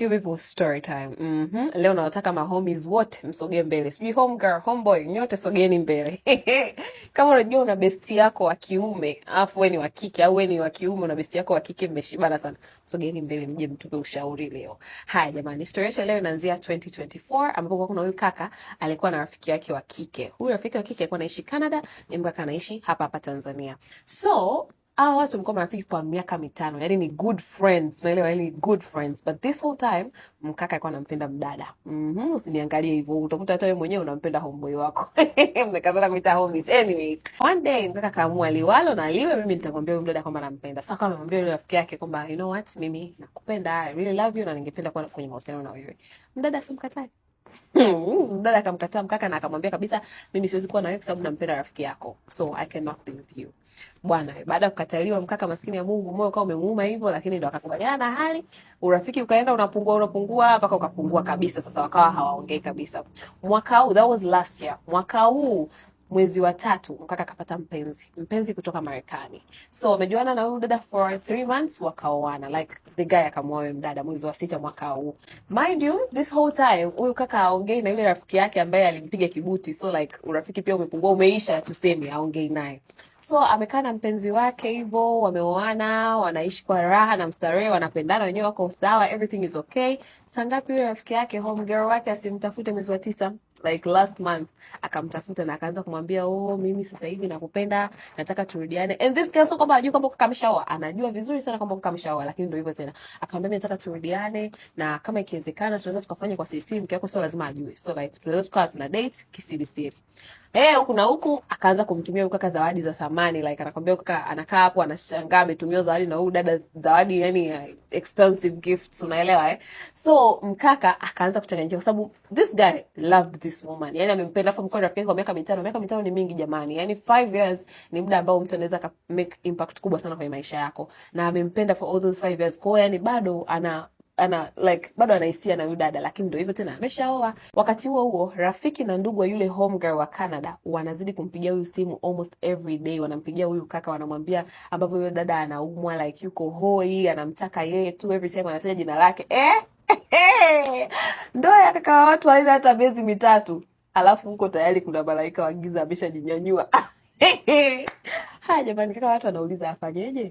You people story time. Mm -hmm. Leo nawataka mahomies wote msogee mbele, sijui home girl, homeboy, nyote sogeeni mbele kama unajua una besti yako wa kiume alafu wewe ni wa kike au wewe ni wa kiume una besti yako wa kike, mmeshibana sana, sogeeni mbele mje mtupe ushauri leo. Haya jamani, story yetu leo inaanzia 2024 ambapo kuna huyu kaka alikuwa na rafiki yake wa kike. Huyu rafiki wa kike alikuwa anaishi Canada, ni mkaka anaishi hapa hapa Tanzania so hawa watu mlikuwa marafiki kwa miaka mitano, yani ni good friends, naelewa, yani good friends, but this whole time mkaka alikuwa anampenda mdada. Mhm, mm, usiniangalie hivyo, utakuta hata wewe mwenyewe unampenda homeboy wako mnakazana kuita homies. Anyways, one day mkaka kaamua liwalo na liwe, mimi nitamwambia yule mdada kwamba nampenda. Sasa kama namwambia yule rafiki yake kwamba you know what, mimi nakupenda, I really love you, na ningependa kuwa kwenye mahusiano na wewe, mdada simkatai. Dada akamkataa mkaka na akamwambia kabisa, mimi siwezi kuwa na wewe kwa sababu nampenda rafiki yako, so I cannot be with you bwana. Baada ya kukataliwa, mkaka maskini ya Mungu, moyo ukawa umemuuma hivyo, lakini ndo akakubaliana na hali, urafiki ukaenda unapungua unapungua mpaka ukapungua kabisa. Sasa wakawa hawaongei kabisa. Mwaka huu, that was last year, mwaka huu mwezi wa tatu mkaka akapata mpenzi mpenzi kutoka Marekani, so wamejuana na huyu dada for three months, wakaoana like the guy akamwoa huyu mdada mwezi wa sita mwaka huu. Mind you this whole time huyu kaka aongei na yule rafiki yake ambaye alimpiga kibuti, so like urafiki pia umepungua, umeisha, tuseme aongei naye so amekaa na mpenzi wake hivyo, wameoana, wanaishi kwa raha na mstarehe, wanapendana, wenyewe wako sawa, everything is okay. Sangapi yule rafiki yake homegirl wake asimtafute mwezi wa tisa? like last month akamtafuta na akaanza kumwambia oh, mimi sasa hivi nakupenda, nataka turudiane. And this girl sio kwamba anajua kwamba Kaka anajua vizuri sana kwamba Kaka lakini ndio hivyo tena. Akamwambia nataka turudiane, na kama ikiwezekana tunaweza tukafanya kwa siri siri, mke wako sio lazima ajue, so like tunaweza tukawa tuna date kisiri siri. Eh, huku na huku akaanza kumtumia huyu kaka zawadi za thamani, like anakwambia kaka anakaa hapo anashangaa ametumia zawadi na huyu dada zawadi yani expensive gifts, unaelewa eh? So mkaka akaanza kuchanganyikiwa kwa sababu this guy loved this woman, yani amempenda, afu mkoa rafiki kwa miaka mitano. Miaka mitano ni mingi jamani, yani five years ni muda ambao mtu anaweza make impact kubwa sana kwenye maisha yako, na amempenda for all those five years kwao, yani bado ana ana like bado anahisia na huyu dada, lakini ndio hivyo tena, ameshaoa. Wakati huo huo, rafiki na ndugu wa yule homegirl wa Canada wanazidi kumpigia huyu simu almost every day, wanampigia huyu kaka, wanamwambia ambavyo yule dada anaumwa, like yuko hoi, anamtaka yeye tu, every time anataja jina lake eh. ndoa ya kaka wa watu haina hata miezi mitatu, alafu huko tayari kuna malaika wa giza ameshajinyanyua. Haya jamani, kaka watu anauliza afanyeje?